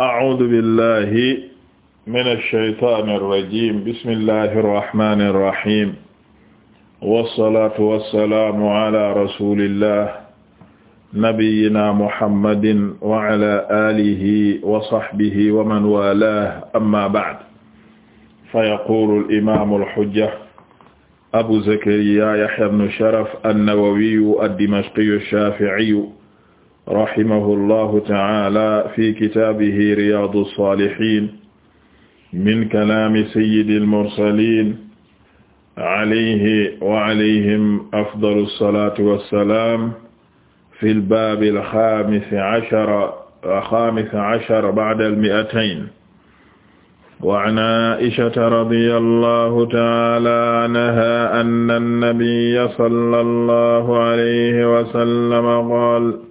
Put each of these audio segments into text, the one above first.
أعوذ بالله من الشيطان الرجيم بسم الله الرحمن الرحيم والصلاة والسلام على رسول الله نبينا محمد وعلى آله وصحبه ومن والاه أما بعد فيقول الإمام الحجة أبو زكريا يحيى بن شرف النووي الدمشقي الشافعي rahimahullahu ta'ala fi kitaabihi riyaadu saalihiin min kalaami sayyidil mursaliin alayhi wa alayhim afdalu salaatu wa salaam fil baabil xaamisi cashar xaamisi cashar ba'dal mi'atayn wa can Aa'ishata radiyallahu ta'ala anhaa anna nabiyya sallallahu alayhi wa sallam qaala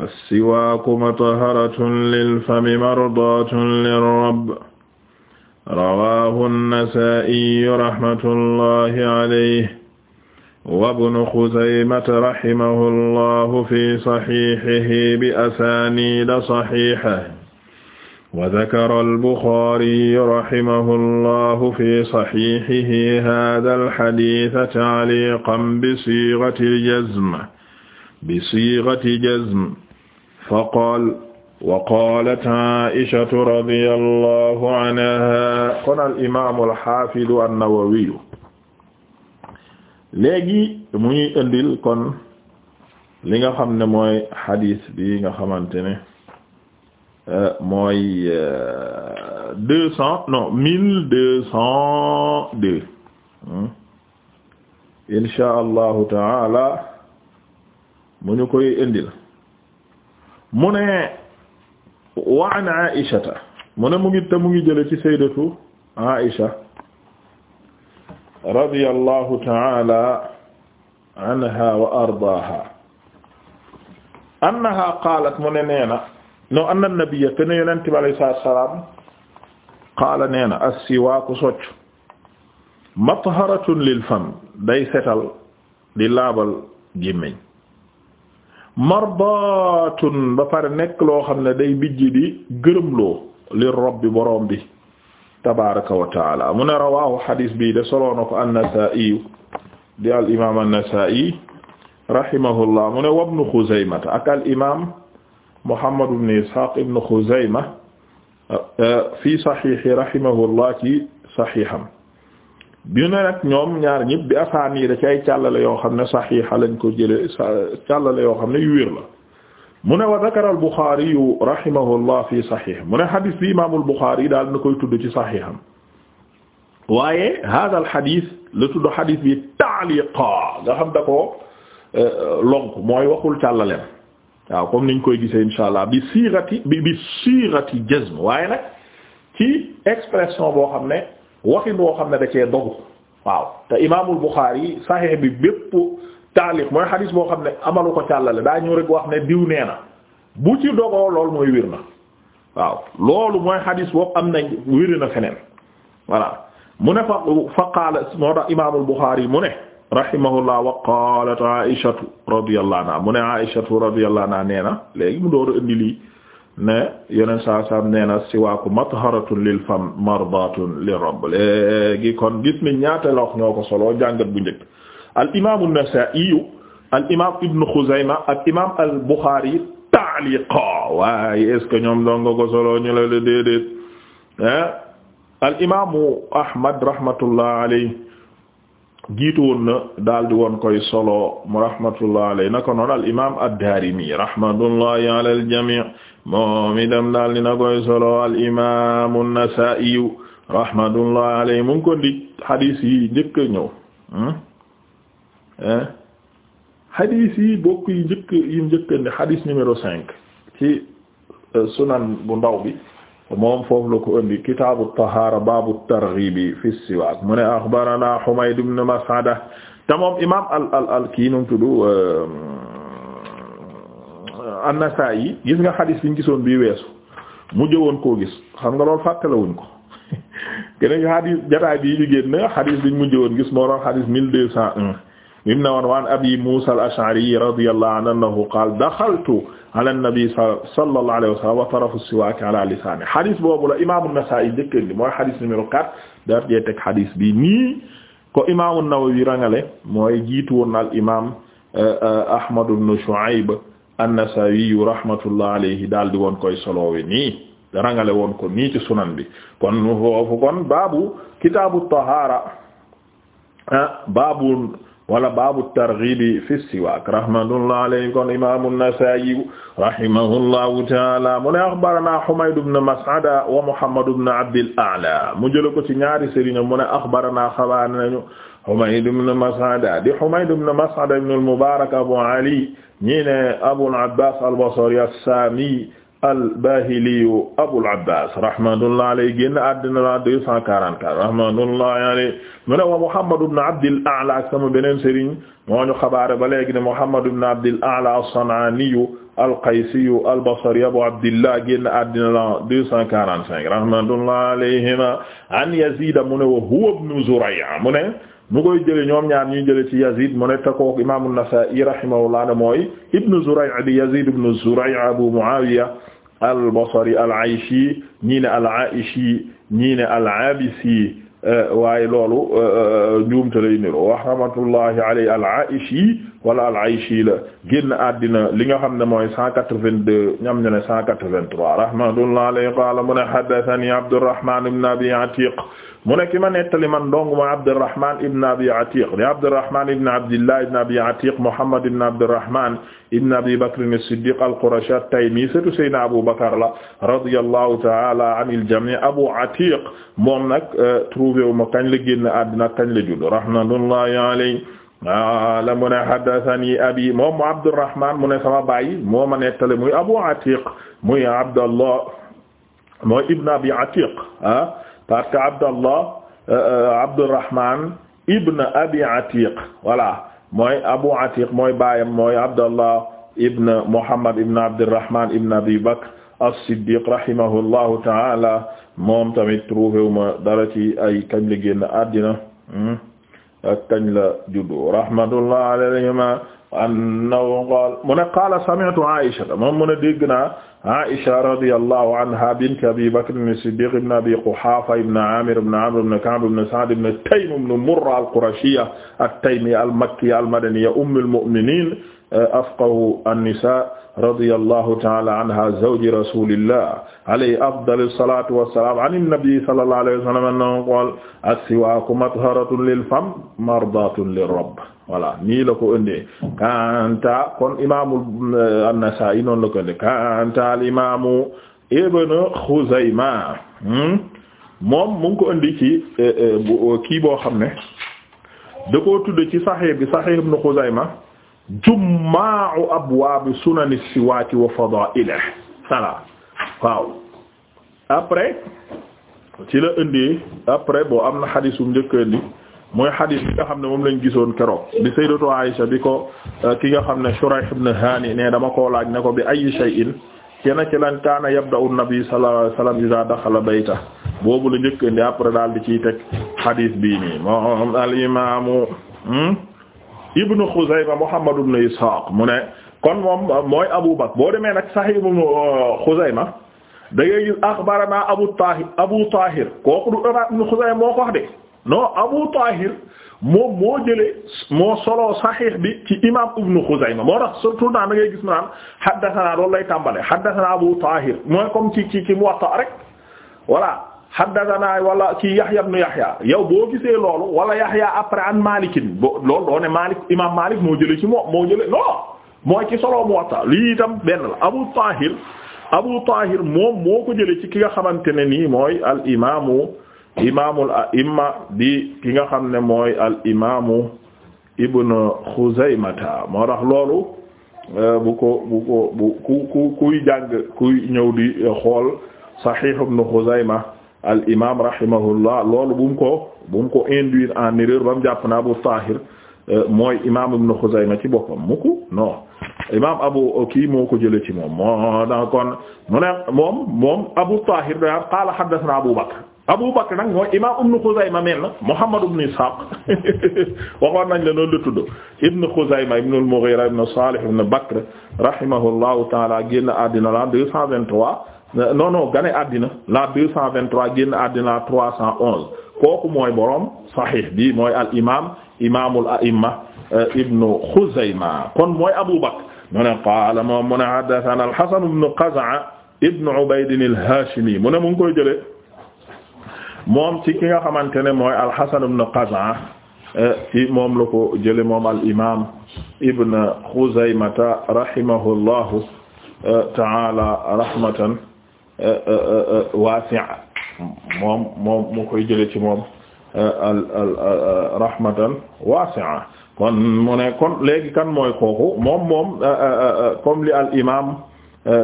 as-siwaaku mutahharatun lil-fami mardaatun lir-rabb rawaahu an-nasaa'iyu rahmatullahi alayhi wa ibnu khuzaymata rahimahullahu fi sahihihi bi asaaniida sahiha wa dhakara al-bukhaariyu rahimahullahu fi sahihihi haadhal hadiisa ta'liiqan bi siighati jazm bi siighati jazm faqaal wa qaalat aishatu radiyallahu anha kon al imaamu al xaafidu an mu ñuy indil kon li nga xam ne mooy xadiis bi nga xamante ne euh, mooy euh, deux cent deux cent deux insha mu ñu koy indil mu ne wa an aishata mu ne mu ngi te mu ngi jële ci sayyidatu aisha radiyallahu ta'ala anha wa ardaaha annaha qaalat mu ne neena no anna nabiyya kana yonent bi alayhi salaatu wa salaam qaala neena as-siwaaku socc matharatun lil fam day setal di laabal gémmiñ mardatun ba pare nekk loo xam ne day bijji di gërëmloo li rabbi boroom bi tabaraka wa taala mu ne rawahu xadis bi de soloo na ko an-Nasaa'i di al imam an-Nasaa'i rahimahullah mu ne wabnu Xuzaymata ak al imam Muhammad ibn Ishaq ibn Xuzayma fi saxiixi rahimahullah ci saxiixam bi ne nag ñoom ñaar ñëpp bi asaan yi ci ay càllale yoo xam ne saxiixa lañ ko jële càllale yoo xam ne yu wér la mu ne wa dakara al Buxaari rahimahullah fi saxiix mu ne xadis bi imaamul Buxaari daal na koy tudd ci saxiixam waaye hada al xadis la tudd xadis bi taaliqa nga xam da ko eh, lonk mooy waxul càllaleem waaw comme niñ koy gisee insha allah bi siirati bi bi siirati jazm waaye nag ci expression boo xam ne waxin woo xam ne da cee dogu waaw te imaamul Buxaari saxiix bi bépp taalif mooy xadiis boo xam ne amalu ko càllale daa ñëw rek wax ne diw nee na bu ci dogoo loolu mooy wér na waaw loolu mooy xadiis boobu am na wér na feneen voilà mu ne fa fa qaala moo tax imaamul Buxaari mu ne rahimahullah wa qaalat aishatu radiyallahu anha mu ne aishatu radiyallahu anha nee na léegi mu door a lii ne yeneen saa saam nee na siwaaku matharatun lil fam mardatun lir rabb léegi kon gis ni ñaata la wax ñoo solo jàngat bu njëkk al imaamu an-Nasaa'i al imaam Ibn Khuzayma ak imaam al Bukhari ta'liqa waaye est ce que ko solo ñu la la déedéet al imaamu Ahmad rahmatullah alayhi jiitu woon na daal di woon koy solo mu rahmatullah na ko noon al imam ad-Daarimi rahmatullahi ala al-jamii moom itam daal di na koy solo al imam an-Nasaa'i rahmatullah alay mu ngi ko di hadis yi njëkk a ñëw hadis hmm? eh? yi bokk yi njëkk yi njëkk cinq ci eh, sunan bu ndaw bi moom foofu la ko indi kitaabu tahaara baabu targhibi fi siwaak mu ne axbarana Humayd ibn Mas'ada te moom imaam al al al kii nu mu tudd euh, an gis nga xadis bi gisoon bii weesu mujj woon koo gis xam nga loolu fàttalewuñ ko keneen xadis jotaay bii ñu génn xadis bi ñu mujjee woon gis moo doon xadis 1201. im na woon waan abi Muusa al-Ash'ari radiyallahu anhu annahu qaala daxaltu ala an-nabi sallallahu alayhi wa sallam wa tarafu siwaak ala lisaanihi xadis boobu la imaamu Nasaa'i njëkkandi mooy xadis numéro 4 daar jee teg xadis bi nii ko imaamu Nawawi rangale mooy jiitu woon na al imaam eh, eh, Ahmad ibn Shu'ayb an-Nasaa'i rahmatullahi alayhi daal di woon koy soloowe nii rangale woon ko nii ci sunan bi kon foofu kon baabu kitaabu tahaara eh, baabu wala baabu targhibi fi siwaak rahmatullah alayhi kon imaamu Nasaa'i rahimahullahu taala mu ne axbarana Humayd ibn Mas'ada wa Muhammad ibn Abdil A'la mu jël ko ci ñaari sëriñ mu ne axbarana xabaar nañu Humayd ibn Mas'ada di Humayd ibn Mas'ada ibn al-Mubaarak Abu Ali ñi ne Abul Abbaas al-Basri as-Saami al-Bahiliyu Abul Abbas rahmatullahi alayhi génn àddina la 244 rahmatullahi alayhi mu ne wa Muhammad ibn Abdil A'la ak sama beneen sëriñ moo ñu xabaare ba léegi ne Muhammad ibn Abdil A'la as-San'aniyu al-Qaysiyu al-Basriyu Abu Abdillah génn àddina la 245 rahmatullahi alayhima an Yazid mu ne wa huwa ibn Zuray' mu ne mu koy jëlee ñoom ñaar ñuy jëlee ci Yazid mu ne takkoog Imam an-Nasa'i rahimahullah mooy Ibn Zuray' di Yazid ibn Zuray' Abu Muawiya al-Basri al-Ayshi ñii ne al-Aishi ñii ne al-Abisi waaye loolu njuumte euh, euh, lay niro wa rahmatullahi alayhi al-Aishi wala al-Ayshi la génn àddina li nga xam ne mooy 182 ñam ñu ne 183 rahmatullahi alayhi qaala mu ne haddathani Abdurrahman ibn Abi Atiq mu ne ki ma nettali man dong mooy Abdurrahman ibn Abi Atiq di Abdurrahman ibn Abdillah ibn Abi Atiq Muhammad ibn Abdurrahman ibn Abi Bakr as-Siddiq al-Qurashi at-Taymi surtout Sayyidina Abu Bakr la radiyallahu ta'ala anil jami' Abu Atiq moom nag euh, trouvé wu ma kañ la génn àddina kañ la judd rahmatullahi alayhi wala mu ne haddathani abi moom mu Abdurrahman mu ne sama baay moo ma nettale muy Abu Atiq muy Abdallah mooy ibn Abi Atiq ah parce que Abdallah euh, euh, Abdurrahman ibn Abi Atiq voilà mooy Abu Atiq mooy baayam mooy Abdallah ibn Muhammad ibn Abdurrahman ibn Abi Bakr as-Siddiq rahimahullahu ta'ala moom tamit trouvé wu ma dara ci ay kañ la génn àddina hmm. ak kañ la juddu rahmatullah alayhima annahu qaala mu ne qaala sami'tu Aisha moom mu ne dégg naa Aisha radiyallahu anha bint Abi Bakr ibn Siddiq ibn Abi Quhafa ibn Amir ibn Amr ibn Ka'b ibn Sa'd ibn Taym ibn Murra al-Qurashiyya at-Taymiyya al-Makkiyya al-Madaniyya ummul mu'minin afqahu an-nisaa radiyallahu ta'ala anha zawji rasulillah alayhi afdalu salatu wa salaam an an-nabi sallallahu alayhi wa sallam annahu qaala as-siwaaku matharatun lil-fam mardaatun lir-rabb voilà nii la ko ëndee kanta kon imaamu euh, an-Nasaa'i noonu la ko ëndee kanta al-imaamu ibnu Xuzayma hmm? moom mu ngi ko indi ci euh, euh, kii boo xam ne da koo tudd ci Sahih bi Sahih ibn Xuzayma jummaa'u abwaabi sunani siwaaki wa fadaa'ilihi voilà waaw après ci la indi après bo am na xadis bu njëkk mooy xadis bi nga xam ne moom lañ gisoon keroog bi sayyidatu Aisha bi ko euh, ki nga xam ne Shurayh ibn Hani ne dama koo laaj ne ko bi ayyi shay'in kenn ci lan kaana yabda'u an-nabi sallallahu alayhi wasallam idha dakhala boobu la njëkk après daal di ciy teg xadis bii nii moom al imaamu hmm? ibnu Xuzayma Muhammad ibnu Ishaq mu ne kon moom uh, mooy Abu Bakr boo demee nag Sahih ibnu uh, Xuzayma da ngay gis axbarana Abu Tahir Abu Tahir kooku du ibnu Xuzayma moo ko wax de non Abu Tahir moom moo jëlee moo solo Sahih bi ci imaam ibnu Xuzayma moo tax surtout naan da ngay gis naan haddathana loolu lay tàmbalee haddathana Abu Tahir mooy comme ci ci ci Muwatta rek voilà. haddathana wala kii Yahya ibn Yahya yow boo gisee loolu wala Yahya après an Malikin bo loolu doo ne Malik imam moo jëlee ci moo moo jëlee noo moo ci solo Muwatta lii itam benn la Abu Tahir Abu Tahir moom moo ko jëlee ci ki nga xamante ne nii mooy al imaamu imaamul a'imma di ki nga xam ne mooy al imaamu Ibn Khuzaymata moo tax loolu euh, bu ko bu ko bu ku ku kuy jàng kuy ñëw di xool Sahih ibn Khuzayma al imam rahimahullah loolu bu mu ko bu mu ko induire en erreur ba mu jàpp na Abu Tahir euh, mooy imam Ibn Khuzayma ci boppam mukku non imam abu kii moo ko jële ci moom moo da kon mu ne moom moom Abu Tahir da qala na Abu Bakr Abu Bakr nag mooy imam Ibn Khuzayma mel na Muhammad ibn Ishaq waxoon nañ la noonu la tudd Ibn Khuzayma ibn al-Mughira ibn Salih ibn Bakr rahimahullahu ta'ala génn àddina la 223 non non gane àddina la 223 génn àddina la 311 kooku mooy borom sahih bi mooy al imam imamul a'imma euh, ibnu Xuzayma kon mooy Abu Bakr mu moom mu ne haddathana al-Hasan ibnu Qaza'a ibnu Ubayd al-Hashimi mu ne moom ci ki nga xamante ne mooy al-Hasan ibnu Qaza'a euh, ci moom la ko jëlee moom al-imaam ibnu Xuzaymata rahimahullahu euh, ta'ala rahmatan Euh, euh, euh, wasi' moom moom mu koy jële ci moom rahmatan wasi'a kon mu ne kon léegi kan mooy kooku moom moom comme li al imam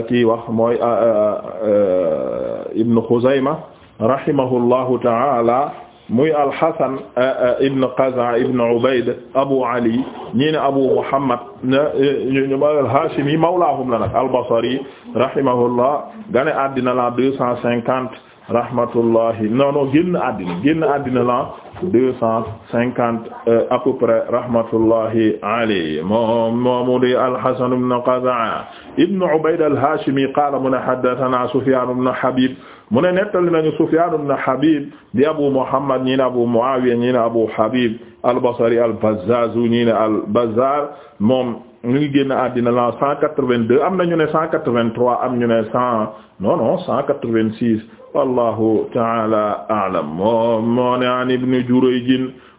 kii wax mooy ibnu Xuzayma rahimahullahu ta'ala muy alxasan ibn qaza ibn ubayd abu ali ñi ne abu muhammad alhashimi mawlaahum la nag albasari rahimahullah gane àddina la deux cent cinquante rahmatullahi non non génn àddina génn àddina la deux cent cinquante euh, à peu près rahmatullahi alayhi moom moomu di alhasan ibn qaza ibn ubayd alhashimi qaala mun haddathana sufyan ibn habib mu ne nettali nañu Sufyaan ibn Habib di Abu Muhammad ñi ne Abu Muawiya ñi ne Abu Habib al-Basri al-Bazzaz ñi ne al-Bazzar moom ñu ngi génn àddina la 182 am na ñu ne 183 am ñu ne 100 non non 186 wallahu ta'ala a'lam moom moo ne an Ibn Jurayj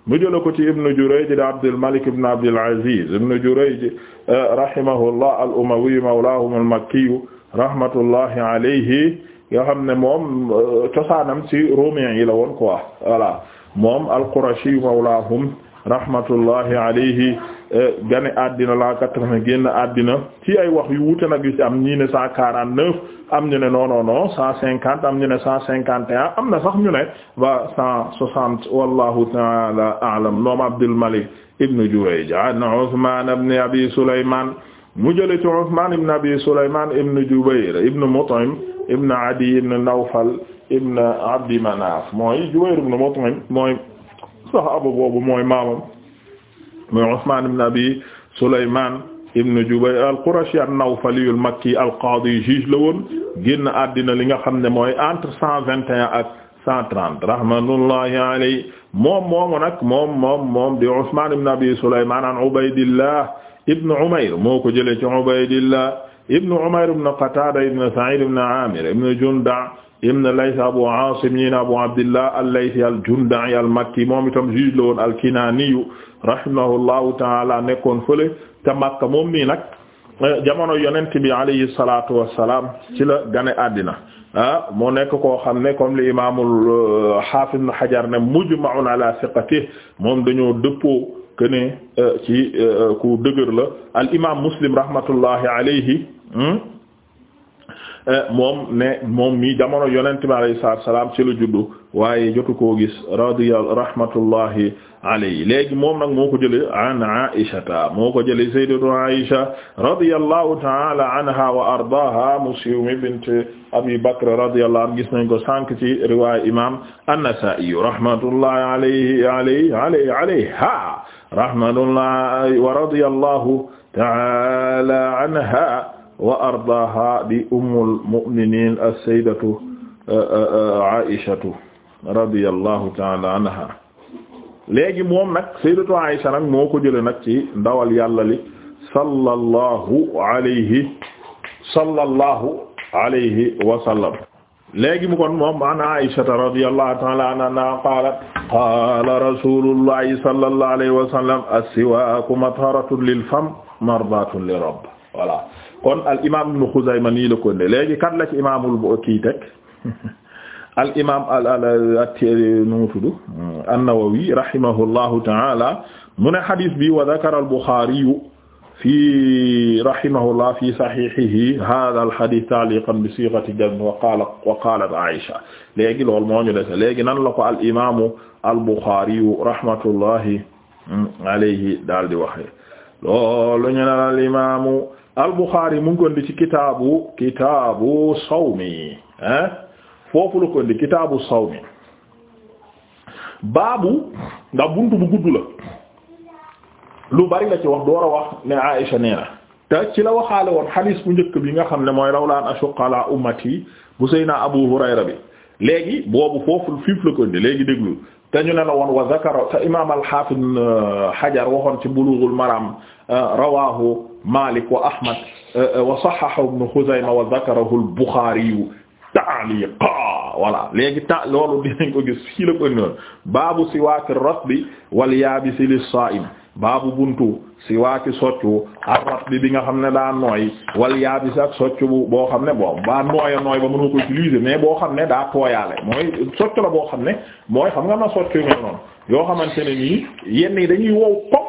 mu jëla ko ci Ibn Jurayj di Abdul Malik ibn Abdul Aziz Ibn Jurayj rahimahullah al-Umawi mawlahum al-Makki rahmatullahi alayhi yoo xam ne moom euh, cosaanam ci romain yi la woon quoi voilà moom al-Qurashi mawlaahum rahmatullahi alayhi euh, gane àddina la quatre-vingt génn àddina ci ay wax yu wuute nag yu ci am ñii ne cent quarante-neuf am ñu ne non non non cent cinquante am ñu ne cent cinquante et un am na sax ñu ne ba cent soixante wallahu ta'ala a'lam moom Abdul Malik ibn Juwayj an Uthman ibn Abi Sulayman mu jële ci Uthman ibn Abi Sulayman ibn Jubayr ibn Mut'im ibn Adi ibn Nawfal ibn Abdi Manaf mooy Jubayr ibn Mut'im mooy saxaaba boobu mooy maamam mooy Usmaan ibn Abi Sulaymaan ibn Jubayr al-Qurashi an-Nawfali al-Makki al-Qaadi juge la woon génn àddina li nga xam ne mooy entre cent vingt et un ak cent trente rahmatullahi alayhi moom moomu nag moom moom moom di Usmaan ibn Abi Sulaymaan an Ubaydillah ibn Umayr moo ko jëlee ci Ubaydillah ibn Umayr ibn Qatada ibn Sa'id ibn Amir ibn Junda' ibn Layth Abu Asim ñi Abu Abdillah al-Laythi al-Junda'i al-Makki moom itam juge la woon al-Kinaniyu rahimahullahu ta'ala nekkoon fële te Makka moom nii nag eh, jamono yonent bi alayhi salatu wassalam ci la gane àddina ah mu nekk koo xam ne comme li imaamul Hafiz eh, Hajar ne mujma'un ala thiqatihi moom dañoo dëppoo que ne euh, ci euh, ku dëgër la al imaam muslim rahmatullahi alayhi hmm? euh, moom ne moom mi jamono yonent bi salaam ci lu juddu waaye jotu koo gis radiya rahmatullahi alayhi léegi moom nag moo ko jëlee an Aishata moo ko jëlee sayyidatu Aisha radiyallahu ta'ala anha wa ardaaha Muslim bint Abi Bakr radiyallahu anha gis nañ ko sànq ci riwaaya imam An-Nasa'i rahmatullahi alayhi alayhi rahmatullahi wa radiyallahu ta'ala anha wa ardaaha di ummul mu'minin as-sayyidatu Aïshatu radiyallahu ta'ala anha léegi moom nag sayyidatu Aïsha nag moo ko jëlee nag ci ndawal yàlla li sallallahu alayhi sallallahu alayhi wa sallam léegi mu kon moom an aishata radiyallahu ta'ala anha qaalat qaala rasulullahi sallallahu alayhi wa sallam as-siwaaku matharatun lil fam mardatun li rabb voilà kon al imam ibn Khuzayma nii la ko ne léegi kat la ci imaamul kii teg al imam al al nu mu tudd an-Nawawi rahimahullahu ta'ala mu ne hadith bi wa dhakara al-Bukhari fi rahimahullah fi sahihihi hada alhadith taaliqan bi sighati jazm wa qala wa qalat Aisha léegi loolu moo ñu dese léegi nan la ko al imamu al-Bukhari rahmatullahi alayhi daal di waxe loolu ñu ne al imamu al-Bukhari mu ngi kondi ci kitaabu kitaabu sawmi ah foofu la kondi kitaabu sawmi baabu ndax buntu bu gudd la lu bari la ci wax door wax ne Aïcha nee na ci la waxaale woon xadiis bu njëkk bi nga xam ne mooy a ashuqqa ala ummati bu Seydina Abu Hurayra bi léegi boobu foofu fiif la léegi déglu te ñu ne la woon wa zakara te imaam al-Hafiz Hajar waxoon ci Bulughul Maram rawahu Malik wa Ahmad wa sahhahu Ibn Khuzaymah wa zakarahu al-Bukhari ta'liqan voilà léegi ta loolu dinañ ko gis fii la ko indi woon baabu siwaak ar-ratbi saaim baabu buntu siwaaki soccu arrat bi bi nga xam ne daa nooy wal yaabis ak soccu bu boo xam ne boo baa nooya nooy ba mënu ko utiliser mais boo xam ne daa tooyaale mooy soccu la boo xam ne mooy xam nga na soccu nga noonu yoo xamante ne nii yenn yi dañuy wow pop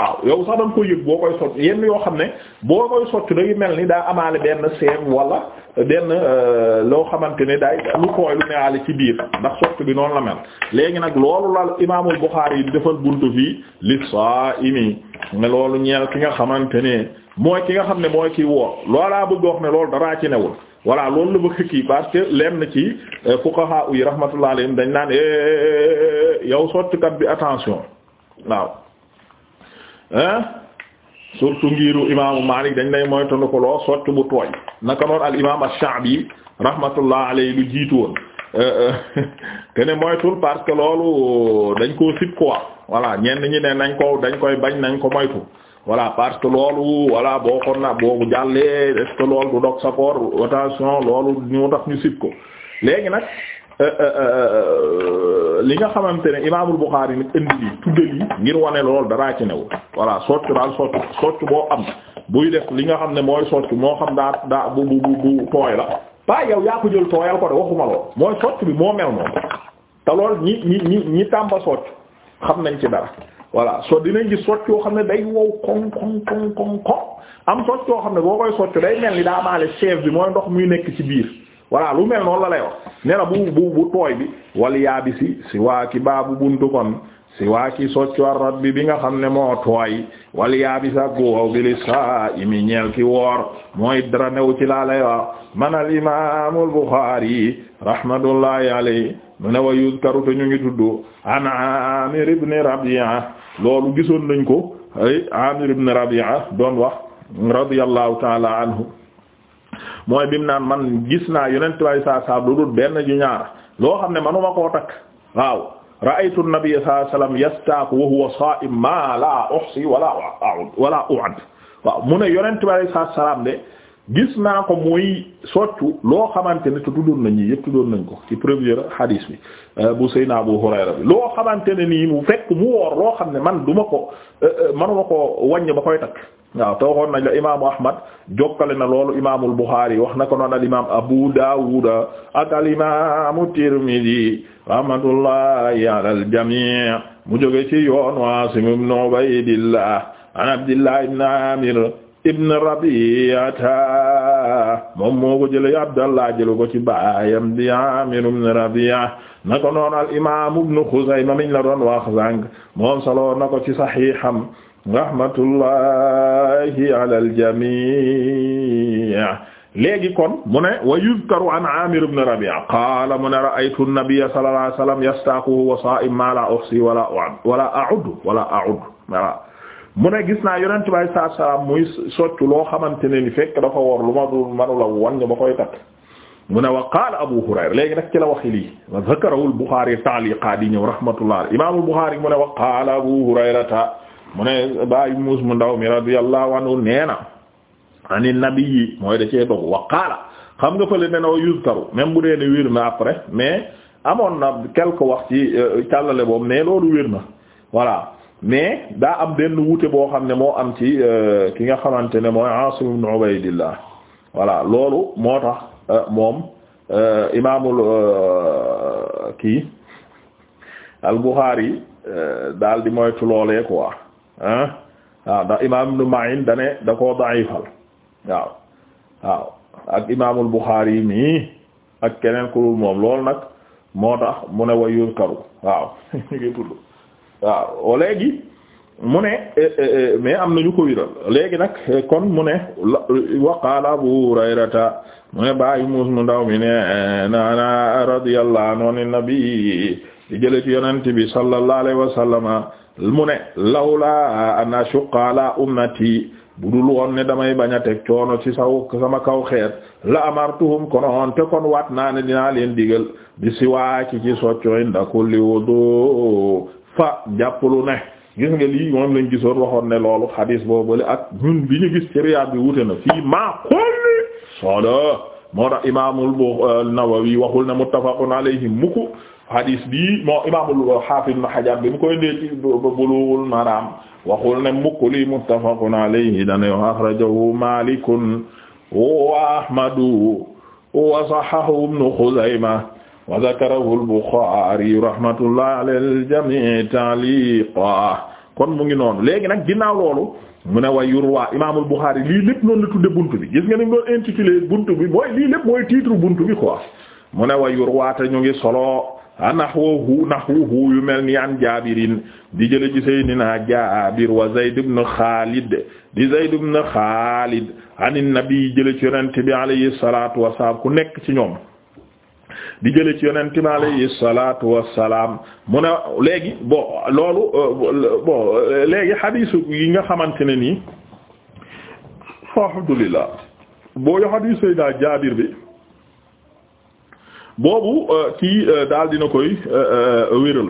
waaw yow sax da nga koy yëg boo koy soccu yenn yoo xam ne boo koy soccu day mel ni daa amaale benn seem walla benn euh, loo xamante ni day lu tooy lu neexaale ci biir ndax sott bi noonu la mel léegi nag loolu la imaamul Buxaari yi di defal buntu fii li saa'imi ne loolu ñeel ki nga xamante ne mooy ki nga xam ne mooy ki woor loolaa bu wax ne loolu daraa ci newul voilà loolu la bëgg kii parce que na ci euh, fuqaha yi rahmatullah alayhim dañ naan eh, eh, eh, yow sottkat bi attention waaw. surtout ngiru imaamu Malik dañ lay moytanu ko loo sotti bu tooy naka noonu al imaam ash-Sha'bi rahmatullah alayhi lu jiitu woon euh, euh, te ne moytul parce que loolu dañ ko sib quoi voilà ñenn ñi ne nañ ko dañ koy bañ nañ ko moytu voilà parce que loolu voilà boo ko na boobu jàllee est-ce loolu du dog sa attention loolu ñu tax ñu sib ko léegi nag. Euh, euh, euh, li nga xamante ne imaamul Buxaari nag indi lii tudde lii ngir wane loolu daraa ci new voilà soccu daal soccu soccu boo am buy def li nga xam ne mooy soccu moo xam daa daa bu bu bu la pas yow yaa ko jël tooyal bi moo te lool ñi ñi ñi xam nañ ci dara voilà so dinañ gis soccu yoo xam ne day wow koŋ koŋ koŋ koŋ koŋ am xam ne boo koy soccu day mel ni daa maale chef bi mooy ndox muy nekk ci biir voilà lu mel noonu la lay wax bu tooy bi wal yaabisi si waa ki baabu buntu kon si waa ki soccu arat bi nga xam ne moo tooy wal yaabisi ak waaw bi li saa imi ñeel ki woor mooy dara new ci laa lay wax man al imaamul Buxaari rahmatullahi alayhi mu ne wa yuzkaru te ñu ngi tudd an Amir ibn Rabi'a loolu gisoon nañ ko ay Amir ibn Rabi'a doon wax radiyallahu ta'ala anhu mooy bi mu naan man gis naa yonent way saa saa lu dul benn ju ñaar loo xam ne manuma koo takk waaw ra'aytu an-nabiyya sallallahu alayhi wasallam yastaaku wa huwa saa'im ma la uhsi wala a'ud wala u'ad waaw mu ne yonent way saa salaam de gis naa ko muy soccu loo xamante ne te tuddoon nañ ñi yëpp tuddoon nañ ko ci premier hadis bi euh, bu Seyna Abu Hurayra bi loo xamante ne nii mu fekk mu woor loo xam ne man du ma ko euh, euh, manuma ko wàññ ba koy takk waaw te waxoon nañ la imaamu Ahmad jokkale na loolu imaamul Bukhari wax na ko noon al imaam Abu Dawud ak al imaamu Tirmidhi rahmatullahi ala al jamii mu jóge ci yoon Waasim ibn Ubaydillah an Abdillah ibn Amir ibn Rabi'ata moom moo ko jëlee Abdallah jëlu ko ci baayam di Amir ibn Rabi'a na ko noon al imaam ibn Xuzayma miñ la doon wax zang moom solo na ko ci saxiixam rahmatullahi ala al-jamii léegi kon mu ne wa yuzkaru an Amir ibn Rabi'a qaala mu ne ra'aytu an-nabiyya sallallahu alayhi wa sallam yastaaquhu wa saa'im ma la uhsi wala a'ud wala a'ud wala a'ud mu ne gis naa yonent bi saa salaam muy soccu loo xamante ne ni fekk dafa wor lu ma dul manula wan ñu ba koy takk mu ne wa qaala Abu Hurayra léegi nag ci la waxi lii wa zakarahu al-Bukhari ta'liqan di ñëw rahmatullah imaamul Bukhari mu ne wa qaala Abu Hurayrata mu ne bàyyi muus mu ndaw mi radiyallahu anhu nee na ani nabi mooy da cee dogu wa qaala xam nga fële ne na wa yuzkaru même bu dee ne wér na après mais amoon na quelque wax ci euh, càllale boobu mais loolu wér na voilà mais daa am benn wuute boo xam ne moo am ci euh, ki nga xamante ne mooy Asim ibn Ubaydillah voilà loolu moo tax euh, moom euh, imaamul kii al-Bukhari daal di moytu loolee quoi ah waaw ndax imaam Ibn Ma'in da ne waaw waaw ak imaamul Bukhari mii ak keneen ku moom loolu nag moo tax mu ne wa yurkaru waaw waaw léegi mu ne eh, eh, eh, mais am nañu ko wiral léegi nag kon mu ne wa qaala Abu Hurayrata mu ne bàyyi muus mu ndaw mi ne nana radiyallahu an nabi di jële ci yonent bi sallallahu alayhi wa sallama mu ne lawla an ashuqqa ala ummati budul woon ne damay bañ a teg coono ci saw sama kaw xeet la amartuhum konoon te kon waat naa ne dinaa leen digal bi siwaaki ci soccoy nda kulli wudu fa jàppalu ne gis nga lii moom lañ gisoon waxoon ne loolu xadiis boobule ak ñun bi ñu gis ci Riyaad bi wute na fii maa xolli solo moo tax imaamul Nawawi waxul ne muttafaqun alayhi muku xadiis bii moo imaamul Haafiz na Hajar bi mu koy ndee ci Bulughul Maraam waxul ne muku li muttafaqun alayhi dana yoo axrajahu Maalikun wa Ahmadu wa sahhahu Ibnu Xuzayma wa zakarahu al-Bukhari rahmatullahi alal jamii kon mu ngi noonu léegi nag ginnaaw loolu mu ne way yurwa imaamul Bukhari lii lépp noonu la tudde buntu bi gis nga ni mu doon buntu bi mooy lii lépp mooy titre buntu bi quoi mu ne way yurwa te ñu ngi solo a nahwahu nahwahu yu mel ni an Jaabirin di jële ci Seydina Jaabir wa Zayd ibn Xaalid di Zayd ibn Xaalid anin nabi jële ci yonent bi alayhi salaatu wa salaam ku nekk ci ñoom di jële ci yonent mi alayhi salaatu wassalaam mu ne léegi bon loolu euh, bon euh, léegi xadiisu yi nga xamante ne nii alhamdulillah boo yo xadiis Seydina Jaabir bi boobu euh, kii daal dina koy wéral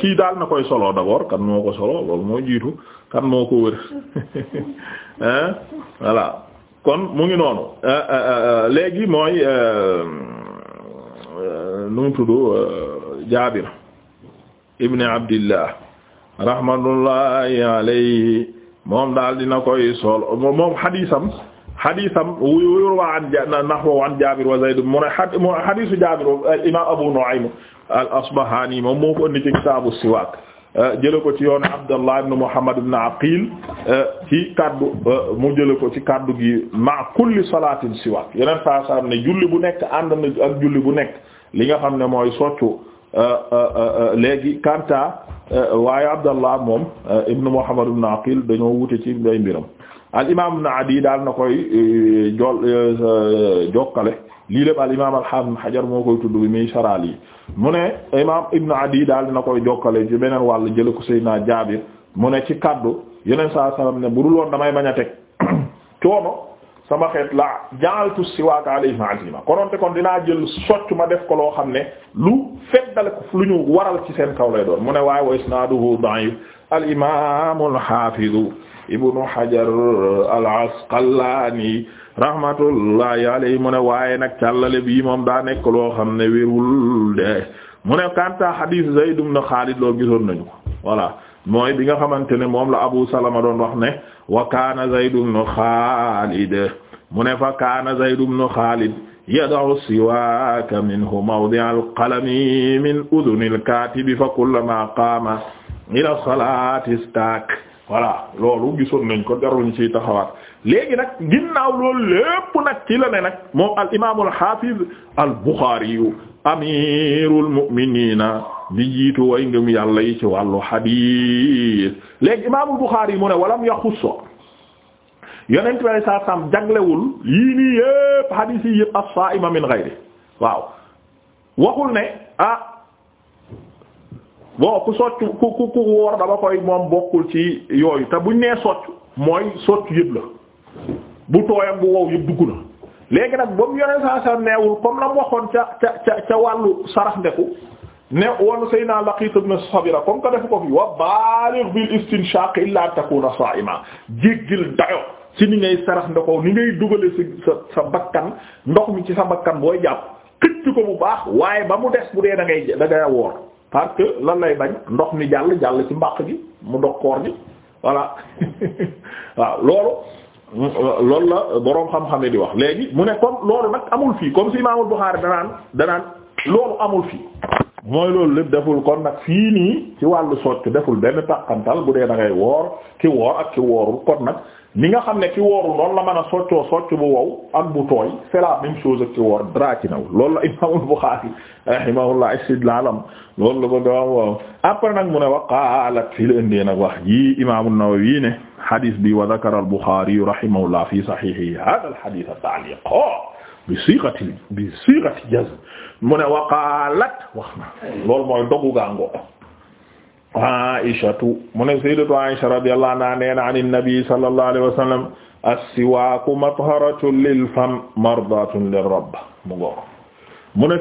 kii daal na koy solo d'abord kan moo ko solo loolu moo jiitu kan moo ko wër voilà kon mu ngi noonu léegi mooy Euh, nu mu tudd euh, Jaabir ibn Abdillah rahmatullahi alayhi moom daal dina koy sol moom xadiisam xadiisam wuyu waa an nahwa wa an Jaabir wa Zayd mu ne xadiisu Jaabir imaam Abu Nu'aym al-Asbahaani moom moo ko indi ci kitaabu siwaak Euh, jële ko ci yoonu Abdallah ibn Muhammad ibn Aqil euh, ci kaddu euh, mu jële ko ci kaddu gi ma kulli salaatin siwaak yeneen saa saa ne julli bu nekk ànd ak julli bu nekk li nga xam ne mooy soccu léegi kanta waaye Abdallah moom ibn Muhammad ibn Aqil dañoo wute ci mbay mbiram al imaam ibn Adi daal na koy eh, jol eh, jokkale lii lépp al imaam al-Hafiz Hajar moo koy tudd bi muy saraal yi ne imaam ibn Adi daal na koy jokkale ci beneen wàll jële ko Seydina Jaabir mu ne ci kaddu yeneen saa salaam ne bu dul woon damay bañ a teg coono sama xeet la ja'altu siwaak alayhim azima konoonte kon dinaa jël socc ma def ko loo xam ne lu feddale ko lu ñu waral ci seen kaw lay doon mu ne waaye wa isnaaduhu da'if al imaam al-Hafiz ibnu hajar al asqalani rahmatullahi alayhi mu ne waaye nag càllale bii moom daa nekk loo xam ne wérul de mu ne kanta hadis zayd ibn xaalid loolu gisoon nañu ko voilà mooy bi nga xamante ne moom la abu salama doon wax ne wa kaana zayd ibn xaalid mu ne fa kaana zayd ibn xaalid yada'u siwaaka minhu mawdi'a al-qalami min uduni al-kaatibi fa kullamaa qaama ila salaati istaak voilà loolu gisoon nañ ko jarul ñu ciy taxawaat léegi nag ginnaaw loolu lépp nag ci la ne nag moom al imaamul hafiz al buxaari yu amirul mu'minina di jiitu way ngëm yàlla yi ci wàllu hadith léegi imaamul buxaari mu ne walam yaxusso yonent bi saa saam jaglewul yii nii yëpp hadith yi yëpp as-sa'ima min ghayri waaw waxul ne ah. boo ku soccu ku ku ku woor dama koy moom bokkul ci yooyu te buñ nee soccu mooy soccu yëpp la bu tooyam bu wow yëpp dugg na léegi nag ba mu yore saa saa neewul comme la mu waxoon ca ca ca wàllu sarax ndeku ne woon Seydina Laqiit ibn Sabira comme que defu ko fi wa baaligh bil istinshaq illa takuna sa'ima jéggil dayo ci ni ngay sarax ndekoo ni ngay dugale sa sa bakkan ndox mi ci sa bakkan booy jàpp xëcc ko bu baax waaye ba mu des bu dee da ngay woor parce que lan lay bañ ndox mi jàll jàll ci mbàq gi mu dox koor gi voilà waaw loolu loolu la boroom xam-xam di wax léegi mu ne comme loolu nag amul fii comme si Imaamul Buxaari danaan danaan loolu amul fii mooy loolu lépp deful kon nag fii nii ci wàllu socc deful benn tàqantal bu dee da ngay woor ki woor ak ki woorul kon nag ni nga xam ne ki wooru loolu la mën a soccoo socc bu wow ak bu tooy c'est la même chose ak ki woor dara lool naw loolu la imaamul Buxaari rahimahullah istidlaalam loolu la bëgg a waaw après nag mu ne wa qaalat fi la indee nag wax yii imaamul Nawawi ne xadis bi wa dakara al Buxaari rahimahullah fi saxiixihi haaza al xadiis at-ta'liiq bi siixati bi siixati jazm mu ne wa qaalat wax na loolu mooy dogu gàngoo aishatu mu ne sayyidatu aisha radiyallahu anha neena an innabi sallallahu alayhi wa sallam as-siwaaku matharatun lil fam mardatun lir rabb mu ne